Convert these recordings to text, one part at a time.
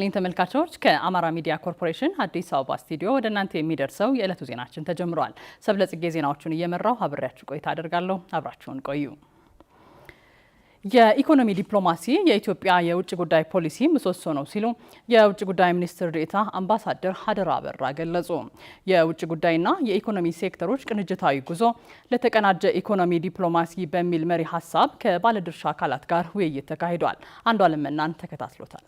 ይስጥልኝ ተመልካቾች፣ ከአማራ ሚዲያ ኮርፖሬሽን አዲስ አበባ ስቱዲዮ ወደ እናንተ የሚደርሰው የዕለቱ ዜናችን ተጀምሯል። ሰብለጽጌ ዜናዎቹን እየመራው አብሬያችሁ ቆይታ አደርጋለሁ። አብራችሁን ቆዩ። የኢኮኖሚ ዲፕሎማሲ የኢትዮጵያ የውጭ ጉዳይ ፖሊሲ ምሰሶ ነው ሲሉ የውጭ ጉዳይ ሚኒስትር ዴኤታ አምባሳደር ሀደራ አበራ ገለጹ። የውጭ ጉዳይና የኢኮኖሚ ሴክተሮች ቅንጅታዊ ጉዞ ለተቀናጀ ኢኮኖሚ ዲፕሎማሲ በሚል መሪ ሀሳብ ከባለድርሻ አካላት ጋር ውይይት ተካሂዷል። አንዷለም እናን ተከታትሎታል።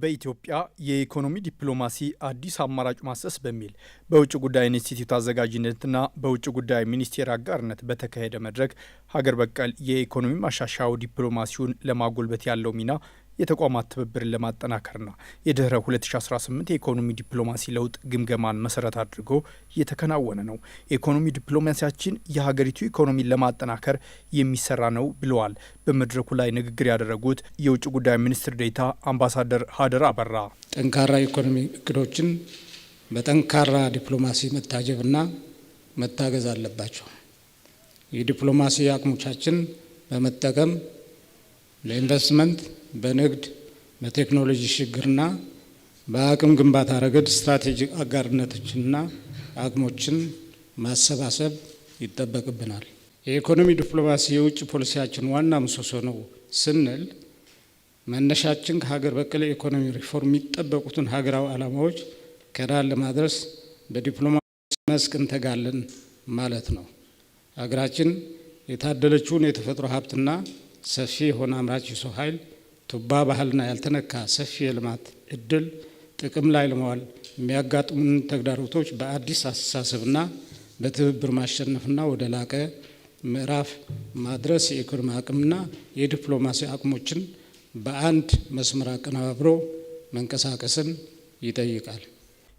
በኢትዮጵያ የኢኮኖሚ ዲፕሎማሲ አዲስ አማራጭ ማሰስ በሚል በውጭ ጉዳይ ኢንስቲትዩት አዘጋጅነትና በውጭ ጉዳይ ሚኒስቴር አጋርነት በተካሄደ መድረክ ሀገር በቀል የኢኮኖሚ ማሻሻያው ዲፕሎማሲውን ለማጎልበት ያለው ሚና የተቋማት ትብብርን ለማጠናከርና የድኅረ 2018 የኢኮኖሚ ዲፕሎማሲ ለውጥ ግምገማን መሰረት አድርጎ እየተከናወነ ነው። የኢኮኖሚ ዲፕሎማሲያችን የሀገሪቱ ኢኮኖሚን ለማጠናከር የሚሰራ ነው ብለዋል በመድረኩ ላይ ንግግር ያደረጉት የውጭ ጉዳይ ሚኒስትር ዴታ አምባሳደር ሀደር አበራ። ጠንካራ ኢኮኖሚ እቅዶችን በጠንካራ ዲፕሎማሲ መታጀብና መታገዝ አለባቸው። የዲፕሎማሲ አቅሞቻችን በመጠቀም ለኢንቨስትመንት በንግድ በቴክኖሎጂ ሽግግርና በአቅም ግንባታ ረገድ ስትራቴጂክ አጋርነቶችንና አቅሞችን ማሰባሰብ ይጠበቅብናል። የኢኮኖሚ ዲፕሎማሲ የውጭ ፖሊሲያችን ዋና ምሰሶ ነው ስንል መነሻችን ከሀገር በቀል የኢኮኖሚ ሪፎርም የሚጠበቁትን ሀገራዊ ዓላማዎች ከዳር ለማድረስ በዲፕሎማሲ መስክ እንተጋለን ማለት ነው። ሀገራችን የታደለችውን የተፈጥሮ ሀብትና ሰፊ የሆነ አምራች የሰው ኃይል ቱባ ባህልና ያልተነካ ሰፊ የልማት እድል ጥቅም ላይ ለመዋል የሚያጋጥሙን ተግዳሮቶች በአዲስ አስተሳሰብና በትብብር ማሸነፍና ወደ ላቀ ምዕራፍ ማድረስ የኢኮኖሚ አቅምና የዲፕሎማሲ አቅሞችን በአንድ መስመር አቀነባብሮ መንቀሳቀስን ይጠይቃል።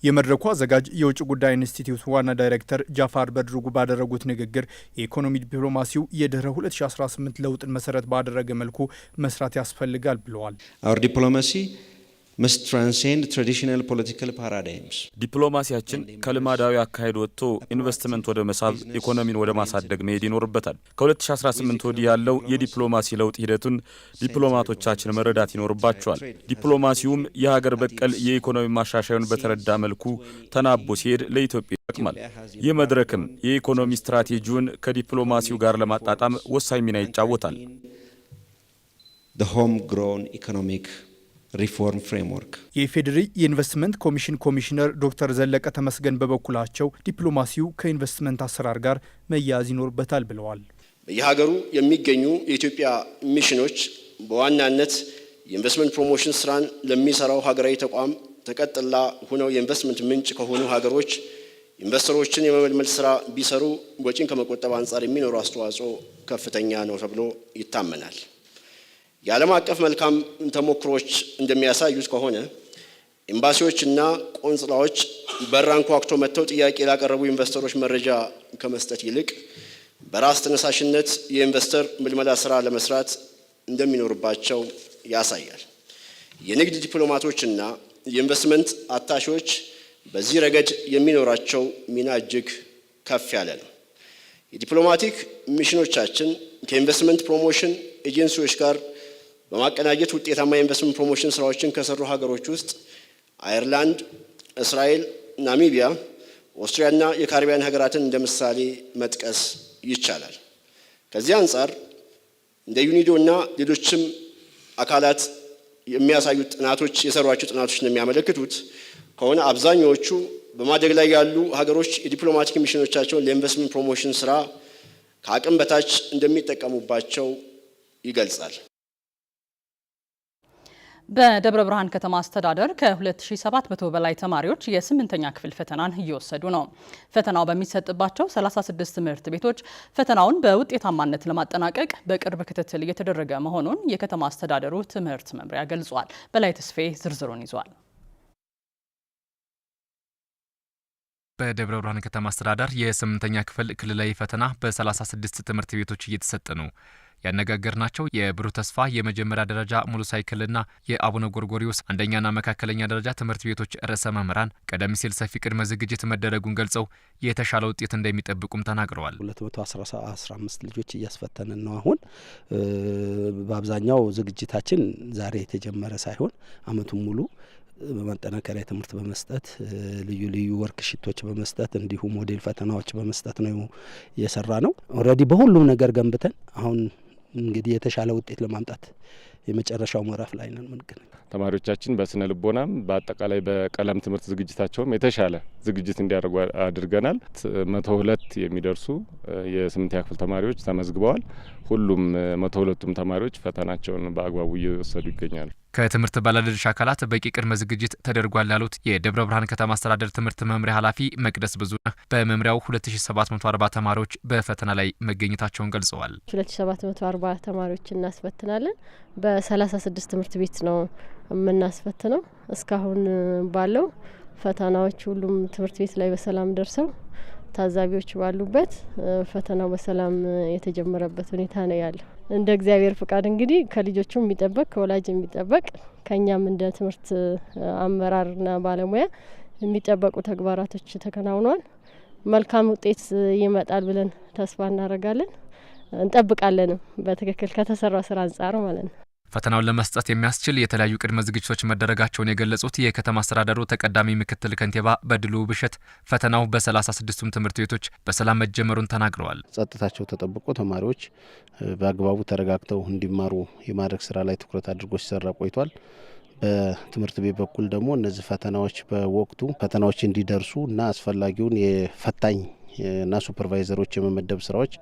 የመድረኩ አዘጋጅ የውጭ ጉዳይ ኢንስቲትዩት ዋና ዳይሬክተር ጃፋር በድርጉ ባደረጉት ንግግር የኢኮኖሚ ዲፕሎማሲው የድህረ 2018 ለውጥን መሰረት ባደረገ መልኩ መስራት ያስፈልጋል ብለዋል። ዲፕሎማሲያችን ከልማዳዊ አካሄድ ወጥቶ ኢንቨስትመንት ወደ መሳብ፣ ኢኮኖሚን ወደ ማሳደግ መሄድ ይኖርበታል። ከ2018 ወዲህ ያለው የዲፕሎማሲ ለውጥ ሂደቱን ዲፕሎማቶቻችን መረዳት ይኖርባቸዋል። ዲፕሎማሲውም የሀገር በቀል የኢኮኖሚ ማሻሻዩን በተረዳ መልኩ ተናቦ ሲሄድ ለኢትዮጵያ ይጠቅማል። ይህ መድረክም የኢኮኖሚ ስትራቴጂውን ከዲፕሎማሲው ጋር ለማጣጣም ወሳኝ ሚና ይጫወታል። ሪፎርም ፍሬምወርክ። የኢፌዴሪ የኢንቨስትመንት ኮሚሽን ኮሚሽነር ዶክተር ዘለቀ ተመስገን በበኩላቸው ዲፕሎማሲው ከኢንቨስትመንት አሰራር ጋር መያያዝ ይኖርበታል ብለዋል። በየሀገሩ የሚገኙ የኢትዮጵያ ሚሽኖች በዋናነት የኢንቨስትመንት ፕሮሞሽን ስራን ለሚሰራው ሀገራዊ ተቋም ተቀጥላ ሆነው የኢንቨስትመንት ምንጭ ከሆኑ ሀገሮች ኢንቨስተሮችን የመመልመል ስራ ቢሰሩ ወጪን ከመቆጠብ አንጻር የሚኖረው አስተዋጽኦ ከፍተኛ ነው ተብሎ ይታመናል። የዓለም አቀፍ መልካም ተሞክሮች እንደሚያሳዩት ከሆነ ኤምባሲዎች እና ቆንጽላዎች በር አንኳኩቶ መጥተው ጥያቄ ላቀረቡ ኢንቨስተሮች መረጃ ከመስጠት ይልቅ በራስ ተነሳሽነት የኢንቨስተር ምልመላ ስራ ለመስራት እንደሚኖርባቸው ያሳያል። የንግድ ዲፕሎማቶችና የኢንቨስትመንት አታሺዎች በዚህ ረገድ የሚኖራቸው ሚና እጅግ ከፍ ያለ ነው። የዲፕሎማቲክ ሚሽኖቻችን ከኢንቨስትመንት ፕሮሞሽን ኤጀንሲዎች ጋር በማቀናጀት ውጤታማ የኢንቨስትመንት ፕሮሞሽን ስራዎችን ከሰሩ ሀገሮች ውስጥ አይርላንድ፣ እስራኤል፣ ናሚቢያ፣ ኦስትሪያ እና የካሪቢያን ሀገራትን እንደ ምሳሌ መጥቀስ ይቻላል። ከዚህ አንጻር እንደ ዩኒዶ እና ሌሎችም አካላት የሚያሳዩት ጥናቶች የሰሯቸው ጥናቶች እንደሚያመለክቱት የሚያመለክቱት ከሆነ አብዛኛዎቹ በማደግ ላይ ያሉ ሀገሮች የዲፕሎማቲክ ሚሽኖቻቸውን ለኢንቨስትመንት ፕሮሞሽን ስራ ከአቅም በታች እንደሚጠቀሙባቸው ይገልጻል። በደብረ ብርሃን ከተማ አስተዳደር ከ2700 በላይ ተማሪዎች የስምንተኛ ክፍል ፈተናን እየወሰዱ ነው። ፈተናው በሚሰጥባቸው 36 ትምህርት ቤቶች ፈተናውን በውጤታማነት ለማጠናቀቅ በቅርብ ክትትል እየተደረገ መሆኑን የከተማ አስተዳደሩ ትምህርት መምሪያ ገልጿል። በላይ ተስፌ ዝርዝሩን ይዟል። በደብረ ብርሃን ከተማ አስተዳደር የስምንተኛ ክፍል ክልላዊ ፈተና በ36 ትምህርት ቤቶች እየተሰጠ ነው። ያነጋገርናቸው የብሩህ ተስፋ የመጀመሪያ ደረጃ ሙሉ ሳይክልና የአቡነ ጎርጎሪዎስ አንደኛና መካከለኛ ደረጃ ትምህርት ቤቶች ርዕሰ መምህራን ቀደም ሲል ሰፊ ቅድመ ዝግጅት መደረጉን ገልጸው የተሻለ ውጤት እንደሚጠብቁም ተናግረዋል። 215 ልጆች እያስፈተንን ነው። አሁን በአብዛኛው ዝግጅታችን ዛሬ የተጀመረ ሳይሆን አመቱን ሙሉ በማጠናከሪያ ትምህርት በመስጠት ልዩ ልዩ ወርክሽቶች በመስጠት እንዲሁም ሞዴል ፈተናዎች በመስጠት ነው የሰራ ነው። ኦልሬዲ በሁሉም ነገር ገንብተን አሁን እንግዲህ የተሻለ ውጤት ለማምጣት የመጨረሻው ምዕራፍ ላይ ነን። ምንገናኝ ተማሪዎቻችን በስነ ልቦናም በአጠቃላይ በቀለም ትምህርት ዝግጅታቸውም የተሻለ ዝግጅት እንዲያደርጉ አድርገናል። መቶ ሁለት የሚደርሱ የስምንተኛ ክፍል ተማሪዎች ተመዝግበዋል። ሁሉም መቶ ሁለቱም ተማሪዎች ፈተናቸውን በአግባቡ እየወሰዱ ይገኛሉ። ከትምህርት ባለድርሻ አካላት በቂ ቅድመ ዝግጅት ተደርጓል ያሉት የደብረ ብርሃን ከተማ አስተዳደር ትምህርት መምሪያ ኃላፊ መቅደስ ብዙ በመምሪያው 2740 ተማሪዎች በፈተና ላይ መገኘታቸውን ገልጸዋል። 2740 ተማሪዎች እናስፈትናለን። በ36 ትምህርት ቤት ነው የምናስፈትነው። እስካሁን ባለው ፈተናዎች ሁሉም ትምህርት ቤት ላይ በሰላም ደርሰው ታዛቢዎች ባሉበት ፈተናው በሰላም የተጀመረበት ሁኔታ ነው ያለው። እንደ እግዚአብሔር ፍቃድ እንግዲህ ከልጆቹ የሚጠበቅ ከወላጅ የሚጠበቅ ከእኛም እንደ ትምህርት አመራርና ባለሙያ የሚጠበቁ ተግባራቶች ተከናውኗል። መልካም ውጤት ይመጣል ብለን ተስፋ እናደርጋለን እንጠብቃለንም። በትክክል ከተሰራው ስራ አንጻር ማለት ነው። ፈተናውን ለመስጠት የሚያስችል የተለያዩ ቅድመ ዝግጅቶች መደረጋቸውን የገለጹት የከተማ አስተዳደሩ ተቀዳሚ ምክትል ከንቲባ በድሉ ብሸት ፈተናው በ 36 ትምህርት ቤቶች በሰላም መጀመሩን ተናግረዋል። ጸጥታቸው ተጠብቆ ተማሪዎች በአግባቡ ተረጋግተው እንዲማሩ የማድረግ ስራ ላይ ትኩረት አድርጎ ሲሰራ ቆይቷል። በትምህርት ቤት በኩል ደግሞ እነዚህ ፈተናዎች በወቅቱ ፈተናዎች እንዲደርሱ እና አስፈላጊውን የፈታኝ እና ሱፐርቫይዘሮች የመመደብ ስራዎች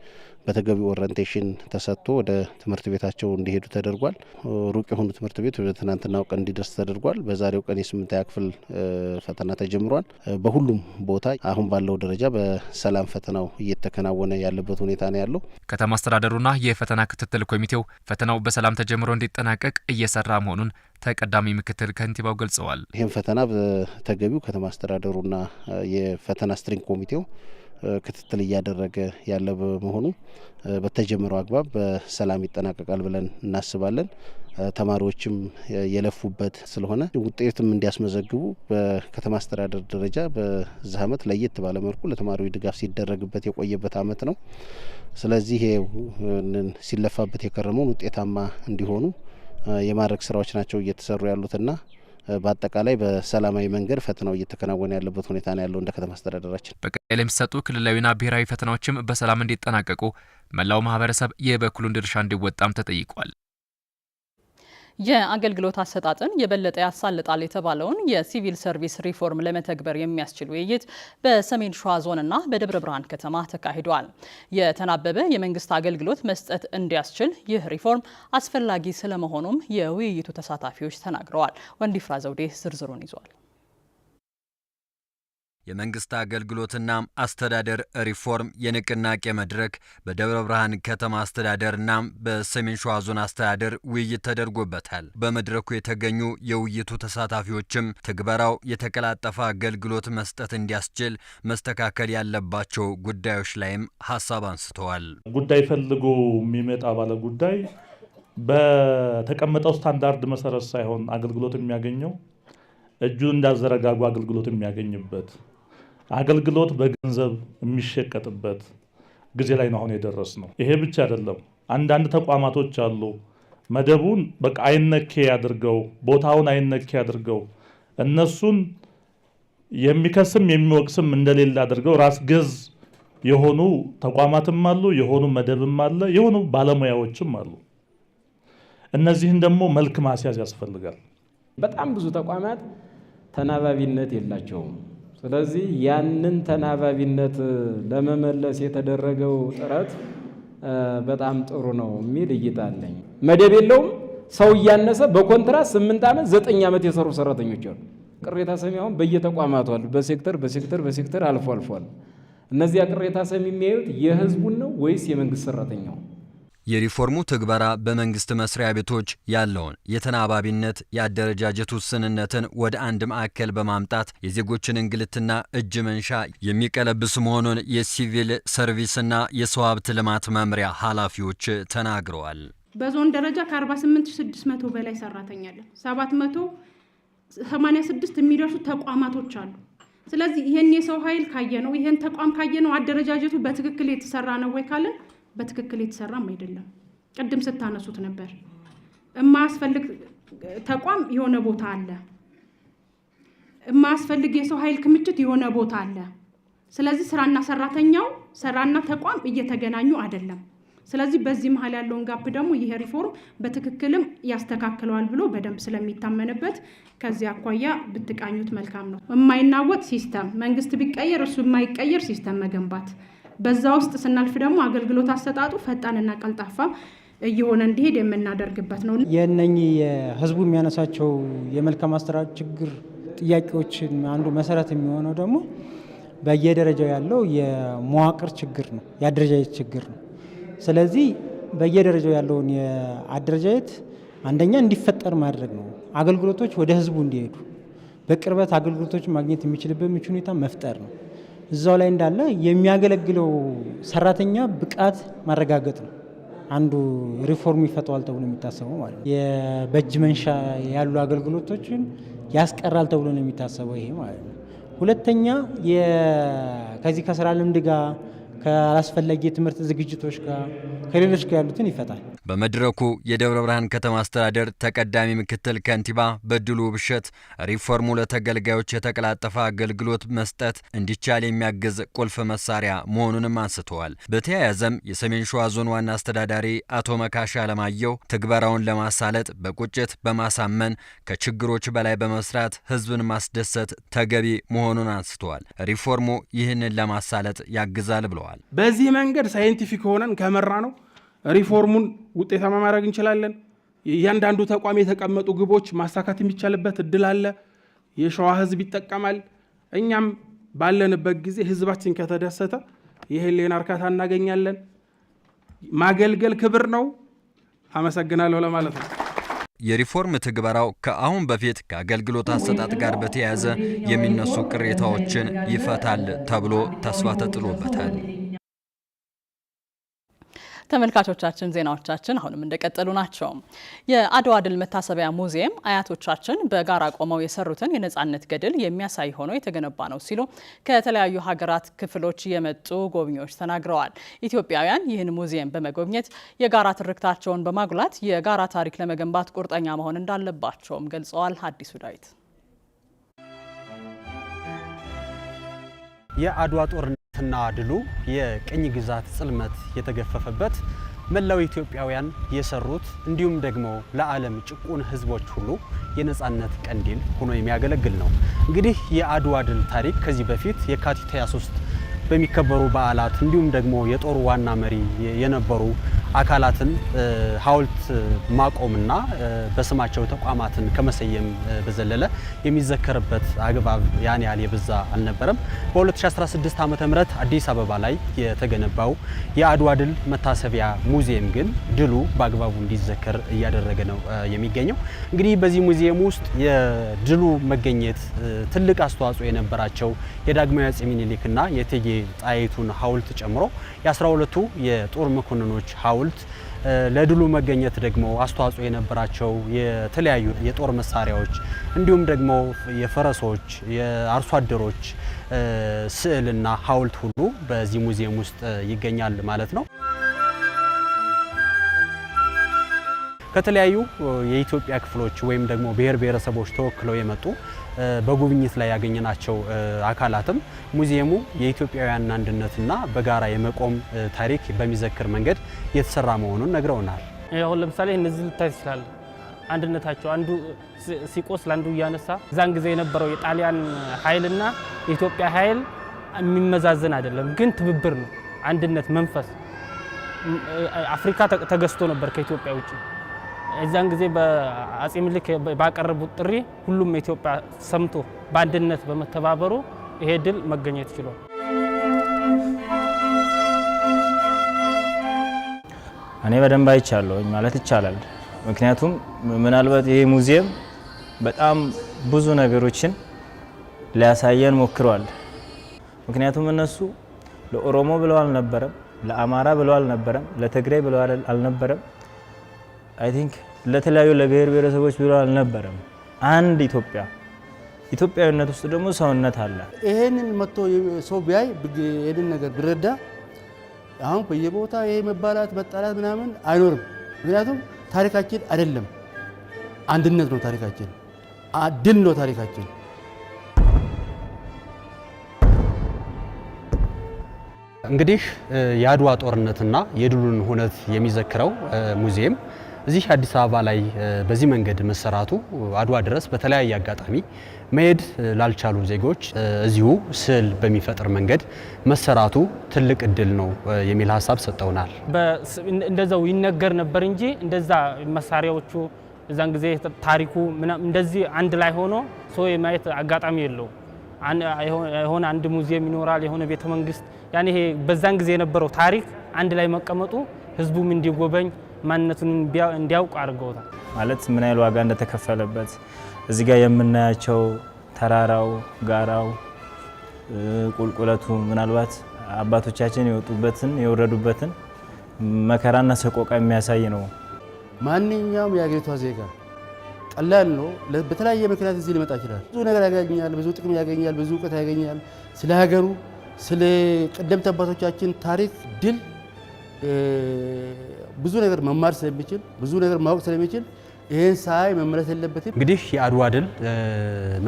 በተገቢ ኦሪንቴሽን ተሰጥቶ ወደ ትምህርት ቤታቸው እንዲሄዱ ተደርጓል። ሩቅ የሆኑ ትምህርት ቤት ወደ ትናንትናው ቀን እንዲደርስ ተደርጓል። በዛሬው ቀን የስምንተኛ ክፍል ፈተና ተጀምሯል። በሁሉም ቦታ አሁን ባለው ደረጃ በሰላም ፈተናው እየተከናወነ ያለበት ሁኔታ ነው ያለው። ከተማ አስተዳደሩና የፈተና ክትትል ኮሚቴው ፈተናው በሰላም ተጀምሮ እንዲጠናቀቅ እየሰራ መሆኑን ተቀዳሚ ምክትል ከንቲባው ገልጸዋል። ይህም ፈተና በተገቢው ከተማ አስተዳደሩና የፈተና ስትሪንግ ኮሚቴው ክትትል እያደረገ ያለ በመሆኑ በተጀመረው አግባብ በሰላም ይጠናቀቃል ብለን እናስባለን። ተማሪዎችም የለፉበት ስለሆነ ውጤትም እንዲያስመዘግቡ በከተማ አስተዳደር ደረጃ በዚህ ዓመት ለየት ባለ መልኩ ለተማሪዎች ድጋፍ ሲደረግበት የቆየበት ዓመት ነው። ስለዚህ ይህንን ሲለፋበት የከረመውን ውጤታማ እንዲሆኑ የማድረግ ስራዎች ናቸው እየተሰሩ ያሉትና በአጠቃላይ በሰላማዊ መንገድ ፈተናው እየተከናወነ ያለበት ሁኔታ ነው ያለው እንደ ከተማ አስተዳደራችን። በቀጣይ ለሚሰጡ ክልላዊና ብሔራዊ ፈተናዎችም በሰላም እንዲጠናቀቁ መላው ማህበረሰብ የበኩሉን ድርሻ እንዲወጣም ተጠይቋል። የአገልግሎት አሰጣጥን የበለጠ ያሳልጣል የተባለውን የሲቪል ሰርቪስ ሪፎርም ለመተግበር የሚያስችል ውይይት በሰሜን ሸዋ ዞንና በደብረ ብርሃን ከተማ ተካሂዷል። የተናበበ የመንግስት አገልግሎት መስጠት እንዲያስችል ይህ ሪፎርም አስፈላጊ ስለመሆኑም የውይይቱ ተሳታፊዎች ተናግረዋል። ወንዲፍራ ዘውዴ ዝርዝሩን ይዟል። የመንግስት አገልግሎትና አስተዳደር ሪፎርም የንቅናቄ መድረክ በደብረ ብርሃን ከተማ አስተዳደርና በሰሜን ሸዋ ዞን አስተዳደር ውይይት ተደርጎበታል። በመድረኩ የተገኙ የውይይቱ ተሳታፊዎችም ትግበራው የተቀላጠፈ አገልግሎት መስጠት እንዲያስችል መስተካከል ያለባቸው ጉዳዮች ላይም ሀሳብ አንስተዋል። ጉዳይ ፈልጎ የሚመጣ ባለ ጉዳይ በተቀመጠው ስታንዳርድ መሰረት ሳይሆን አገልግሎት የሚያገኘው እጁ እንዳዘረጋጉ አገልግሎት የሚያገኝበት አገልግሎት በገንዘብ የሚሸቀጥበት ጊዜ ላይ ነው አሁን የደረስ ነው። ይሄ ብቻ አይደለም። አንዳንድ ተቋማቶች አሉ መደቡን በቃ አይነኬ አድርገው ቦታውን አይነኬ አድርገው እነሱን የሚከስም የሚወቅስም እንደሌለ አድርገው ራስ ገዝ የሆኑ ተቋማትም አሉ፣ የሆኑ መደብም አለ፣ የሆኑ ባለሙያዎችም አሉ። እነዚህን ደግሞ መልክ ማስያዝ ያስፈልጋል። በጣም ብዙ ተቋማት ተናባቢነት የላቸውም። ስለዚህ ያንን ተናባቢነት ለመመለስ የተደረገው ጥረት በጣም ጥሩ ነው የሚል እይታ አለኝ። መደብ የለውም። ሰው እያነሰ በኮንትራት ስምንት ዓመት ዘጠኝ ዓመት የሰሩ ሰራተኞች አሉ። ቅሬታ ሰሚ አሁን በየተቋማቱ አሉ። በሴክተር በሴክተር በሴክተር አልፎ አልፏል። እነዚያ ቅሬታ ሰሚ የሚያዩት የህዝቡን ነው ወይስ የመንግስት ሰራተኛው? የሪፎርሙ ትግበራ በመንግስት መስሪያ ቤቶች ያለውን የተናባቢነት የአደረጃጀት ውስንነትን ወደ አንድ ማዕከል በማምጣት የዜጎችን እንግልትና እጅ መንሻ የሚቀለብስ መሆኑን የሲቪል ሰርቪስና የሰው ሀብት ልማት መምሪያ ኃላፊዎች ተናግረዋል። በዞን ደረጃ ከ48600 በላይ ሰራተኛ 786 የሚደርሱ ተቋማቶች አሉ። ስለዚህ ይህን የሰው ኃይል ካየ ነው፣ ይህን ተቋም ካየ ነው አደረጃጀቱ በትክክል የተሰራ ነው ወይ ካለን በትክክል የተሰራም አይደለም። ቅድም ስታነሱት ነበር የማያስፈልግ ተቋም የሆነ ቦታ አለ፣ የማያስፈልግ የሰው ኃይል ክምችት የሆነ ቦታ አለ። ስለዚህ ስራና ሰራተኛው ስራና ተቋም እየተገናኙ አይደለም። ስለዚህ በዚህ መሀል ያለውን ጋፕ ደግሞ ይሄ ሪፎርም በትክክልም ያስተካክለዋል ብሎ በደንብ ስለሚታመንበት ከዚህ አኳያ ብትቃኙት መልካም ነው። የማይናወጥ ሲስተም መንግስት ቢቀየር እሱ የማይቀየር ሲስተም መገንባት በዛ ውስጥ ስናልፍ ደግሞ አገልግሎት አሰጣጡ ፈጣንና ቀልጣፋ እየሆነ እንዲሄድ የምናደርግበት ነው። የእነኚህ የህዝቡ የሚያነሳቸው የመልካም አስተዳደር ችግር ጥያቄዎችን አንዱ መሰረት የሚሆነው ደግሞ በየደረጃው ያለው የመዋቅር ችግር ነው፣ የአደረጃጀት ችግር ነው። ስለዚህ በየደረጃው ያለውን የአደረጃጀት አንደኛ እንዲፈጠር ማድረግ ነው። አገልግሎቶች ወደ ህዝቡ እንዲሄዱ በቅርበት አገልግሎቶች ማግኘት የሚችልበት ምቹ ሁኔታ መፍጠር ነው። እዛው ላይ እንዳለ የሚያገለግለው ሰራተኛ ብቃት ማረጋገጥ ነው አንዱ ሪፎርም ይፈጠዋል ተብሎ የሚታሰበው ማለት ነው። በእጅ መንሻ ያሉ አገልግሎቶችን ያስቀራል ተብሎ ነው የሚታሰበው ይሄ ማለት ነው። ሁለተኛ ከዚህ ከስራ ልምድ ጋር ከአላስፈላጊ የትምህርት ዝግጅቶች ጋር ከሌሎች ጋር ያሉትን ይፈታል። በመድረኩ የደብረ ብርሃን ከተማ አስተዳደር ተቀዳሚ ምክትል ከንቲባ በድሉ ብሸት ሪፎርሙ ለተገልጋዮች የተቀላጠፈ አገልግሎት መስጠት እንዲቻል የሚያግዝ ቁልፍ መሳሪያ መሆኑንም አንስተዋል። በተያያዘም የሰሜን ሸዋ ዞን ዋና አስተዳዳሪ አቶ መካሻ አለማየሁ ትግበራውን ለማሳለጥ በቁጭት በማሳመን ከችግሮች በላይ በመስራት ህዝብን ማስደሰት ተገቢ መሆኑን አንስተዋል። ሪፎርሙ ይህንን ለማሳለጥ ያግዛል ብለዋል። ተናግረዋል። በዚህ መንገድ ሳይንቲፊክ ሆነን ከመራ ነው ሪፎርሙን ውጤታማ ማድረግ እንችላለን። እያንዳንዱ ተቋም የተቀመጡ ግቦች ማሳካት የሚቻልበት እድል አለ። የሸዋ ህዝብ ይጠቀማል። እኛም ባለንበት ጊዜ ህዝባችን ከተደሰተ የህሊና እርካታ እናገኛለን። ማገልገል ክብር ነው። አመሰግናለሁ ለማለት ነው። የሪፎርም ትግበራው ከአሁን በፊት ከአገልግሎት አሰጣጥ ጋር በተያያዘ የሚነሱ ቅሬታዎችን ይፈታል ተብሎ ተስፋ ተጥሎበታል። ተመልካቾቻችን ዜናዎቻችን አሁንም እንደቀጠሉ ናቸው። የአድዋ ድል መታሰቢያ ሙዚየም አያቶቻችን በጋራ ቆመው የሰሩትን የነጻነት ገድል የሚያሳይ ሆኖ የተገነባ ነው ሲሉ ከተለያዩ ሀገራት ክፍሎች የመጡ ጎብኚዎች ተናግረዋል። ኢትዮጵያውያን ይህን ሙዚየም በመጎብኘት የጋራ ትርክታቸውን በማጉላት የጋራ ታሪክ ለመገንባት ቁርጠኛ መሆን እንዳለባቸውም ገልጸዋል። አዲሱ ዳዊት የአድዋ ጦርነት መብትና ድሉ የቅኝ ግዛት ጽልመት የተገፈፈበት መላው ኢትዮጵያውያን የሰሩት እንዲሁም ደግሞ ለዓለም ጭቁን ሕዝቦች ሁሉ የነጻነት ቀንዲል ሆኖ የሚያገለግል ነው። እንግዲህ የአድዋ ድል ታሪክ ከዚህ በፊት የካቲት 23 በሚከበሩ በዓላት እንዲሁም ደግሞ የጦሩ ዋና መሪ የነበሩ አካላትን ሐውልት ማቆምና በስማቸው ተቋማትን ከመሰየም በዘለለ የሚዘከርበት አግባብ ያን ያህል የበዛ አልነበረም። በ2016 ም አዲስ አበባ ላይ የተገነባው የአድዋ ድል መታሰቢያ ሙዚየም ግን ድሉ በአግባቡ እንዲዘከር እያደረገ ነው የሚገኘው። እንግዲህ በዚህ ሙዚየም ውስጥ የድሉ መገኘት ትልቅ አስተዋጽኦ የነበራቸው የዳግማዊ አፄ ሚኒሊክና የእቴጌ ጣይቱን ሐውልት ጨምሮ የ12ቱ የጦር መኮንኖች ሐውልት ሐውልት ለድሉ መገኘት ደግሞ አስተዋጽኦ የነበራቸው የተለያዩ የጦር መሳሪያዎች እንዲሁም ደግሞ የፈረሶች፣ የአርሶ አደሮች ስዕልና ሐውልት ሁሉ በዚህ ሙዚየም ውስጥ ይገኛል ማለት ነው። ከተለያዩ የኢትዮጵያ ክፍሎች ወይም ደግሞ ብሔር ብሔረሰቦች ተወክለው የመጡ በጉብኝት ላይ ያገኘናቸው አካላትም ሙዚየሙ የኢትዮጵያውያንን አንድነትና በጋራ የመቆም ታሪክ በሚዘክር መንገድ የተሰራ መሆኑን ነግረውናል። አሁን ለምሳሌ እነዚህ ልታይ ትችላለ። አንድነታቸው አንዱ ሲቆስል አንዱ እያነሳ እዛን ጊዜ የነበረው የጣሊያን ኃይልና የኢትዮጵያ ኃይል የሚመዛዘን አይደለም፣ ግን ትብብር ነው። አንድነት መንፈስ አፍሪካ ተገዝቶ ነበር ከኢትዮጵያ ውጭ እዚያን ጊዜ በአጼ ምኒልክ ባቀረቡት ጥሪ ሁሉም የኢትዮጵያ ሰምቶ በአንድነት በመተባበሩ ይሄ ድል መገኘት ችሏል። እኔ በደንብ አይቻለሁኝ ማለት ይቻላል። ምክንያቱም ምናልባት ይሄ ሙዚየም በጣም ብዙ ነገሮችን ሊያሳየን ሞክሯል። ምክንያቱም እነሱ ለኦሮሞ ብለው አልነበረም፣ ለአማራ ብለው አልነበረም፣ ለትግራይ ብለው አልነበረም አይ ቲንክ ለተለያዩ ለብሔር ብሔረሰቦች ብሎ አልነበረም። አንድ ኢትዮጵያ ኢትዮጵያዊነት ውስጥ ደግሞ ሰውነት አለ። ይሄንን መጥቶ ሰው ቢያይ ይሄንን ነገር ቢረዳ አሁን በየቦታ ይሄ መባላት መጣላት ምናምን አይኖርም። ምክንያቱም ታሪካችን አይደለም፣ አንድነት ነው ታሪካችን፣ ድል ነው ታሪካችን። እንግዲህ የአድዋ ጦርነትና የድሉን ሁነት የሚዘክረው ሙዚየም እዚህ አዲስ አበባ ላይ በዚህ መንገድ መሰራቱ አድዋ ድረስ በተለያየ አጋጣሚ መሄድ ላልቻሉ ዜጎች እዚሁ ስዕል በሚፈጥር መንገድ መሰራቱ ትልቅ እድል ነው የሚል ሀሳብ ሰጠውናል። እንደዛው ይነገር ነበር እንጂ እንደዛ መሳሪያዎቹ እዛን ጊዜ ታሪኩ እንደዚህ አንድ ላይ ሆኖ ሰው የማየት አጋጣሚ የለው። የሆነ አንድ ሙዚየም ይኖራል፣ የሆነ ቤተ መንግስት፣ ያኔ በዛን ጊዜ የነበረው ታሪክ አንድ ላይ መቀመጡ ህዝቡም እንዲጎበኝ ማንነቱን እንዲያውቅ አድርገውታል። ማለት ምን ያህል ዋጋ እንደተከፈለበት እዚህ ጋር የምናያቸው ተራራው፣ ጋራው፣ ቁልቁለቱ ምናልባት አባቶቻችን የወጡበትን የወረዱበትን መከራና ሰቆቃ የሚያሳይ ነው። ማንኛውም የአገሪቷ ዜጋ ቀላል ነው። በተለያየ ምክንያት እዚህ ሊመጣ ይችላል። ብዙ ነገር ያገኛል፣ ብዙ ጥቅም ያገኛል፣ ብዙ እውቀት ያገኛል። ስለ ሀገሩ፣ ስለ ቀደምት አባቶቻችን ታሪክ ድል ብዙ ነገር መማር ስለሚችል ብዙ ነገር ማወቅ ስለሚችል ይህን ሳይ መመለስ የለበትም። እንግዲህ የአድዋ ድል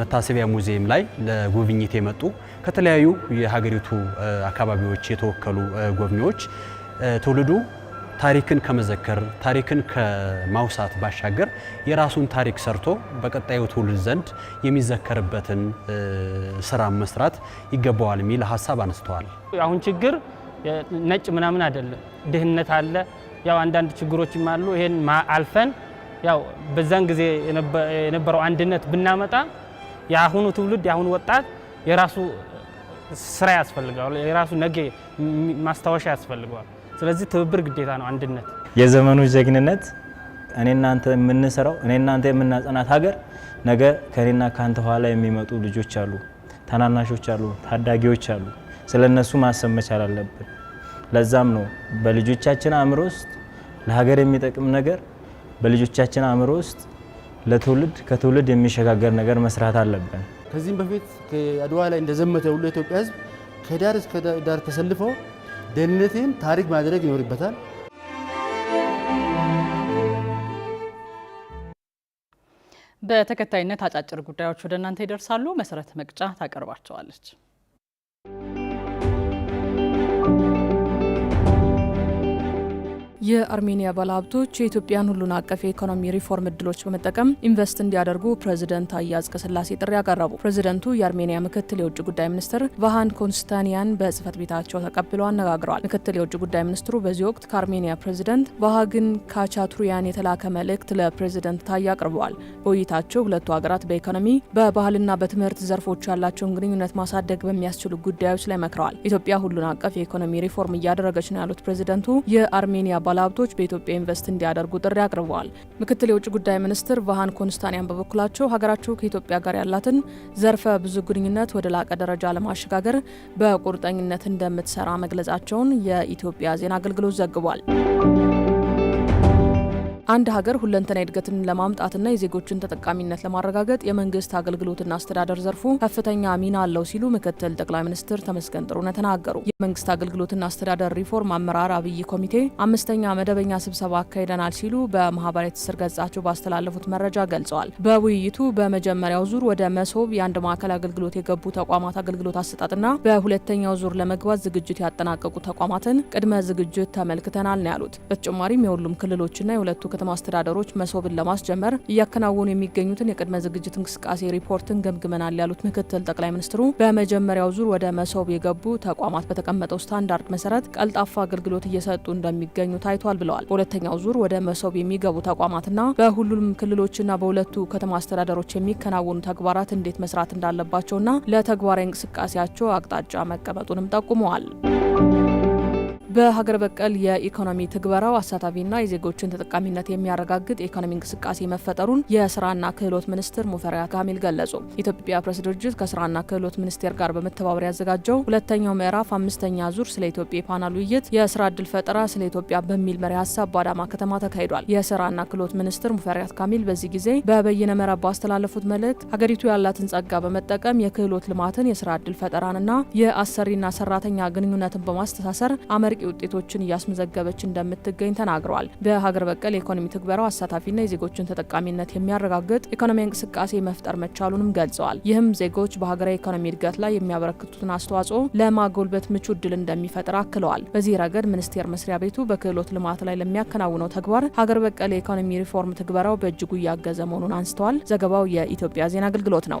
መታሰቢያ ሙዚየም ላይ ለጉብኝት የመጡ ከተለያዩ የሀገሪቱ አካባቢዎች የተወከሉ ጎብኚዎች ትውልዱ ታሪክን ከመዘከር ታሪክን ከማውሳት ባሻገር የራሱን ታሪክ ሰርቶ በቀጣዩ ትውልድ ዘንድ የሚዘከርበትን ስራ መስራት ይገባዋል የሚል ሀሳብ አንስተዋል። አሁን ችግር ነጭ ምናምን አይደለም። ድህነት አለ፣ ያው አንዳንድ ችግሮችም አሉ። ይሄን አልፈን ያው በዛን ጊዜ የነበረው አንድነት ብናመጣ የአሁኑ ትውልድ የአሁኑ ወጣት የራሱ ስራ ያስፈልገዋል፣ የራሱ ነገ ማስታወሻ ያስፈልገዋል። ስለዚህ ትብብር ግዴታ ነው። አንድነት የዘመኑ ጀግንነት እኔ እናንተ የምንሰራው እኔ እናንተ የምናጸናት ሀገር ነገ ከእኔና ከአንተ ኋላ የሚመጡ ልጆች አሉ፣ ታናናሾች አሉ፣ ታዳጊዎች አሉ። ስለ እነሱ ማሰብ መቻል አለብን። ለዛም ነው በልጆቻችን አእምሮ ውስጥ ለሀገር የሚጠቅም ነገር በልጆቻችን አእምሮ ውስጥ ለትውልድ ከትውልድ የሚሸጋገር ነገር መስራት አለብን። ከዚህም በፊት አድዋ ላይ እንደዘመተ ሁሉ የኢትዮጵያ ሕዝብ ከዳር እስከ ዳር ተሰልፈው ደህንነትን ታሪክ ማድረግ ይኖርበታል። በተከታይነት አጫጭር ጉዳዮች ወደ እናንተ ይደርሳሉ። መሰረት መቅጫ ታቀርባቸዋለች። የአርሜኒያ ባለሀብቶች የኢትዮጵያን ሁሉን አቀፍ የኢኮኖሚ ሪፎርም እድሎች በመጠቀም ኢንቨስት እንዲያደርጉ ፕሬዚደንት ታዬ አጽቀሥላሴ ጥሪ አቀረቡ። ፕሬዚደንቱ የአርሜኒያ ምክትል የውጭ ጉዳይ ሚኒስትር ቫሃን ኮንስታኒያን በጽህፈት ቤታቸው ተቀብለው አነጋግረዋል። ምክትል የውጭ ጉዳይ ሚኒስትሩ በዚህ ወቅት ከአርሜኒያ ፕሬዚደንት ቫሃግን ካቻቱሪያን የተላከ መልእክት ለፕሬዚደንት ታዬ አቅርበዋል። በውይይታቸው ሁለቱ ሀገራት በኢኮኖሚ በባህልና በትምህርት ዘርፎች ያላቸውን ግንኙነት ማሳደግ በሚያስችሉ ጉዳዮች ላይ መክረዋል። ኢትዮጵያ ሁሉን አቀፍ የኢኮኖሚ ሪፎርም እያደረገች ነው ያሉት ፕሬዚደንቱ የአርሜኒያ ባለሀብቶች በኢትዮጵያ ኢንቨስት እንዲያደርጉ ጥሪ አቅርበዋል። ምክትል የውጭ ጉዳይ ሚኒስትር ቫሃን ኮንስታንያን በበኩላቸው ሀገራቸው ከኢትዮጵያ ጋር ያላትን ዘርፈ ብዙ ግንኙነት ወደ ላቀ ደረጃ ለማሸጋገር በቁርጠኝነት እንደምትሰራ መግለጻቸውን የኢትዮጵያ ዜና አገልግሎት ዘግቧል። አንድ ሀገር ሁለንተና እድገትን ለማምጣትና የዜጎችን ተጠቃሚነት ለማረጋገጥ የመንግስት አገልግሎትና አስተዳደር ዘርፉ ከፍተኛ ሚና አለው ሲሉ ምክትል ጠቅላይ ሚኒስትር ተመስገን ጥሩነህ ተናገሩ። የመንግስት አገልግሎትና አስተዳደር ሪፎርም አመራር አብይ ኮሚቴ አምስተኛ መደበኛ ስብሰባ አካሂደናል ሲሉ በማህበራዊ ትስስር ገጻቸው ባስተላለፉት መረጃ ገልጸዋል። በውይይቱ በመጀመሪያው ዙር ወደ መሶብ የአንድ ማዕከል አገልግሎት የገቡ ተቋማት አገልግሎት አሰጣጥና በሁለተኛው ዙር ለመግባት ዝግጅት ያጠናቀቁ ተቋማትን ቅድመ ዝግጅት ተመልክተናል ነው ያሉት። በተጨማሪም የሁሉም ክልሎችና የሁለቱ ከተማ አስተዳደሮች መሶብን ለማስጀመር እያከናወኑ የሚገኙትን የቅድመ ዝግጅት እንቅስቃሴ ሪፖርትን ገምግመናል ያሉት ምክትል ጠቅላይ ሚኒስትሩ በመጀመሪያው ዙር ወደ መሶብ የገቡ ተቋማት በተቀመጠው ስታንዳርድ መሰረት ቀልጣፋ አገልግሎት እየሰጡ እንደሚገኙ ታይቷል ብለዋል። በሁለተኛው ዙር ወደ መሶብ የሚገቡ ተቋማትና በሁሉም ክልሎችና በሁለቱ ከተማ አስተዳደሮች የሚከናወኑ ተግባራት እንዴት መስራት እንዳለባቸውና ለተግባራዊ እንቅስቃሴያቸው አቅጣጫ መቀመጡንም ጠቁመዋል። በሀገር በቀል የኢኮኖሚ ትግበራው አሳታፊና የዜጎችን ተጠቃሚነት የሚያረጋግጥ የኢኮኖሚ እንቅስቃሴ መፈጠሩን የስራና ክህሎት ሚኒስትር ሙፈሪያት ካሚል ገለጹ። ኢትዮጵያ ፕሬስ ድርጅት ከስራና ክህሎት ሚኒስቴር ጋር በመተባበር ያዘጋጀው ሁለተኛው ምዕራፍ አምስተኛ ዙር ስለ ኢትዮጵያ የፓናል ውይይት የስራ እድል ፈጠራ ስለ ኢትዮጵያ በሚል መሪ ሀሳብ በአዳማ ከተማ ተካሂዷል። የስራና ክህሎት ሚኒስትር ሙፈሪያት ካሚል በዚህ ጊዜ በበይነ መረብ ባስተላለፉት መልእክት ሀገሪቱ ያላትን ጸጋ በመጠቀም የክህሎት ልማትን፣ የስራ እድል ፈጠራንና የአሰሪና ሰራተኛ ግንኙነትን በማስተሳሰር አመርቂ ውጤቶችን እያስመዘገበች እንደምትገኝ ተናግረዋል። በሀገር በቀል የኢኮኖሚ ትግበራው አሳታፊና የዜጎችን ተጠቃሚነት የሚያረጋግጥ ኢኮኖሚ እንቅስቃሴ መፍጠር መቻሉንም ገልጸዋል። ይህም ዜጎች በሀገራዊ ኢኮኖሚ እድገት ላይ የሚያበረክቱትን አስተዋጽኦ ለማጎልበት ምቹ እድል እንደሚፈጥር አክለዋል። በዚህ ረገድ ሚኒስቴር መስሪያ ቤቱ በክህሎት ልማት ላይ ለሚያከናውነው ተግባር ሀገር በቀል የኢኮኖሚ ሪፎርም ትግበራው በእጅጉ እያገዘ መሆኑን አንስተዋል። ዘገባው የኢትዮጵያ ዜና አገልግሎት ነው።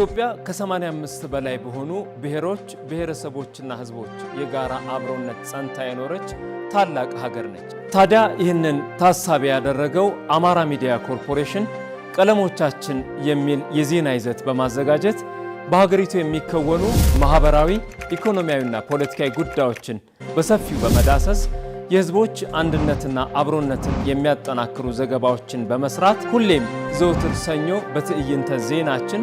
ኢትዮጵያ ከ85 በላይ በሆኑ ብሔሮች ብሔረሰቦችና ሕዝቦች የጋራ አብሮነት ጸንታ የኖረች ታላቅ ሀገር ነች። ታዲያ ይህንን ታሳቢ ያደረገው አማራ ሚዲያ ኮርፖሬሽን ቀለሞቻችን የሚል የዜና ይዘት በማዘጋጀት በሀገሪቱ የሚከወኑ ማኅበራዊ፣ ኢኮኖሚያዊና ፖለቲካዊ ጉዳዮችን በሰፊው በመዳሰስ የህዝቦች አንድነትና አብሮነትን የሚያጠናክሩ ዘገባዎችን በመስራት ሁሌም ዘውትር ሰኞ በትዕይንተ ዜናችን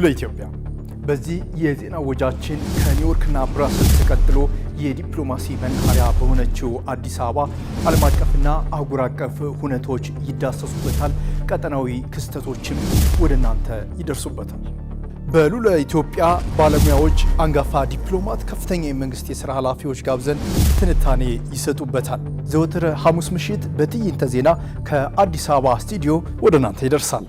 ሉላ ኢትዮጵያ በዚህ የዜና ወጃችን ከኒውዮርክና ብራስልስ ተቀጥሎ የዲፕሎማሲ መናኸሪያ በሆነችው አዲስ አበባ ዓለም አቀፍና አህጉር አቀፍ ሁነቶች ይዳሰሱበታል። ቀጠናዊ ክስተቶችም ወደ እናንተ ይደርሱበታል። በሉለ ኢትዮጵያ ባለሙያዎች፣ አንጋፋ ዲፕሎማት፣ ከፍተኛ የመንግስት የሥራ ኃላፊዎች ጋብዘን ትንታኔ ይሰጡበታል። ዘወትር ሐሙስ ምሽት በትዕይንተ ዜና ከአዲስ አበባ ስቱዲዮ ወደ እናንተ ይደርሳል።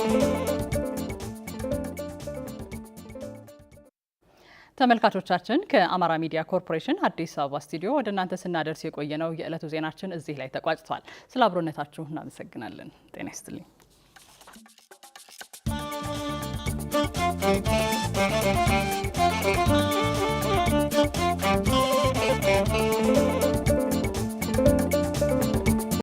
ተመልካቾቻችን ከአማራ ሚዲያ ኮርፖሬሽን አዲስ አበባ ስቱዲዮ ወደ እናንተ ስናደርስ የቆየነው የዕለቱ ዜናችን እዚህ ላይ ተቋጭቷል። ስለ አብሮነታችሁ እናመሰግናለን። ጤና ይስጥልኝ።